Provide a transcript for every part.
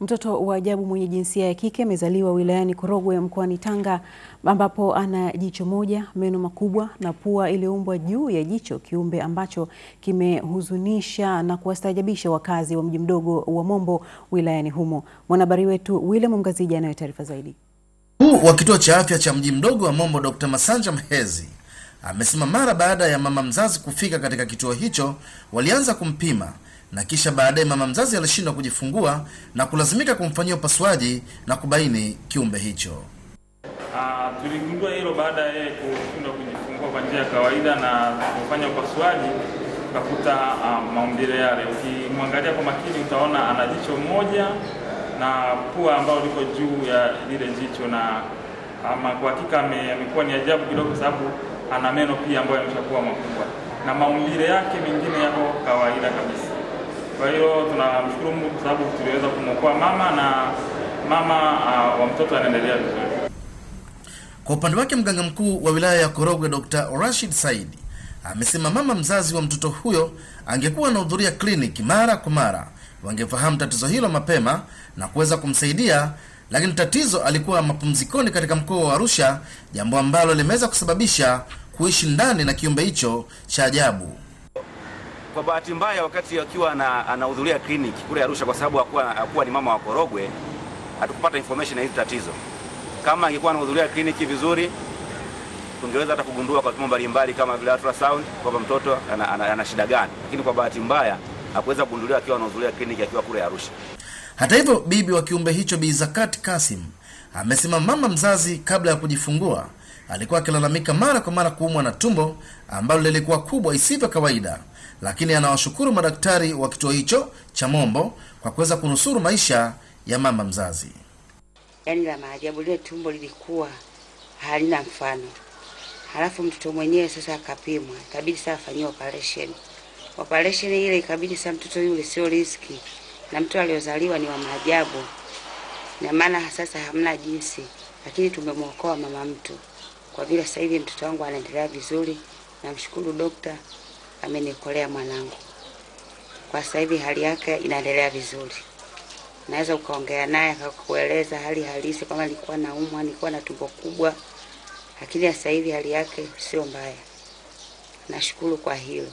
Mtoto wa ajabu mwenye jinsia ya kike amezaliwa wilayani Korogwe mkoani Tanga ambapo ana jicho moja, meno makubwa na pua iliyoumbwa juu ya jicho, kiumbe ambacho kimehuzunisha na kuwastaajabisha wakazi wa mji mdogo wa Mombo wilayani humo. Mwanahabari wetu William Mgazija anayo taarifa zaidi. Mkuu wa kituo cha afya cha mji mdogo wa Mombo Dr. Masanja Mhezi amesema mara baada ya mama mzazi kufika katika kituo hicho walianza kumpima na kisha baadaye mama mzazi alishindwa kujifungua na kulazimika kumfanyia upasuaji na kubaini kiumbe hicho. Ah, tuligundua hilo baada ya yeye kushindwa kujifungua kwa njia ya kawaida na kufanya upasuaji ukakuta ah, maumbile yale. Ukimwangalia kwa makini utaona ana jicho moja na pua ambayo liko juu ya lile jicho, na ama kwa hakika amekuwa ni ajabu kidogo, sababu ana meno pia ambayo yameshakuwa makubwa na maumbile yake mengine yako kawaida kabisa. Kwa hiyo tunamshukuru Mungu kwa sababu tuliweza kumwokoa mama na mama uh, wa mtoto anaendelea vizuri. Kwa upande wake, mganga mkuu wa wilaya ya Korogwe Dr. Rashid Saidi amesema mama mzazi wa mtoto huyo angekuwa anahudhuria kliniki mara kwa mara wangefahamu tatizo hilo mapema na kuweza kumsaidia, lakini tatizo alikuwa mapumzikoni katika mkoa wa Arusha, jambo ambalo limeweza kusababisha kuishi ndani na kiumbe hicho cha ajabu. Kwa bahati mbaya, wakati akiwa anahudhuria kliniki kule Arusha, kwa sababu hakuwa ni mama wa Korogwe, hatukupata information ya hizi tatizo. Kama angekuwa anahudhuria kliniki vizuri, tungeweza hata kugundua kwa vipimo mbalimbali kama vile ultrasound kwamba mtoto ana, ana, ana shida gani, lakini kwa bahati mbaya hakuweza kugunduliwa akiwa anahudhuria kliniki akiwa kule Arusha. Hata hivyo, bibi wa kiumbe hicho Bi Zakat Kasim amesema mama mzazi kabla ya kujifungua alikuwa akilalamika mara kwa mara kuumwa na tumbo ambalo lilikuwa kubwa isivyo kawaida, lakini anawashukuru madaktari wa kituo hicho cha Mombo kwa kuweza kunusuru maisha ya mama mzazi. Yaani la maajabu, lile tumbo lilikuwa halina mfano. Halafu mtoto mwenyewe sasa akapimwa, ikabidi saa afanyiwa operesheni operesheni ile ikabidi saa mtoto yule sio riski, na mtoto aliozaliwa ni wa maajabu, na maana sasa hamna jinsi, lakini tumemwokoa mama mtu. Kwa vile sasa hivi mtoto wangu anaendelea vizuri, namshukuru dokta amenikolea mwanangu. Kwa sasa hivi hali yake inaendelea vizuri, naweza ukaongea naye akakueleza hali halisi, kama na naumwa, nilikuwa na tumbo kubwa, lakini sasa hivi hali yake sio mbaya. Nashukuru kwa hilo.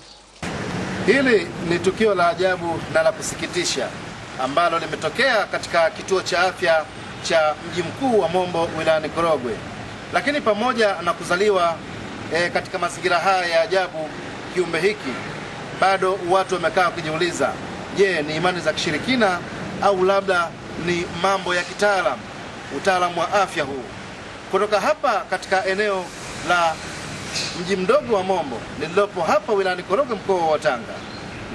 Hili ni tukio la ajabu na la kusikitisha ambalo limetokea katika kituo cha afya cha mji mkuu wa Mombo wilayani Korogwe. Lakini pamoja na kuzaliwa e, katika mazingira haya ya ajabu kiumbe hiki, bado watu wamekaa wakijiuliza, je, ni imani za kishirikina au labda ni mambo ya kitaalam utaalamu wa afya huu? Kutoka hapa katika eneo la mji mdogo wa Mombo lililopo hapa wilayani Korogwe mkoa wa Tanga,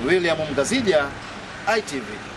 ni William Mgazija, ITV.